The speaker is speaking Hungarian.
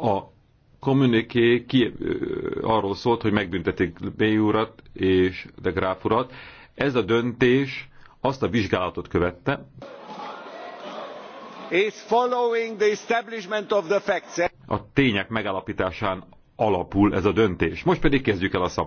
A kommuniké ki, arról szólt, hogy megbüntetik B. urat és de Gráf urat. Ez a döntés azt a vizsgálatot követte, A tények megállapításán alapul ez a döntés. Most pedig kezdjük el a szavazást.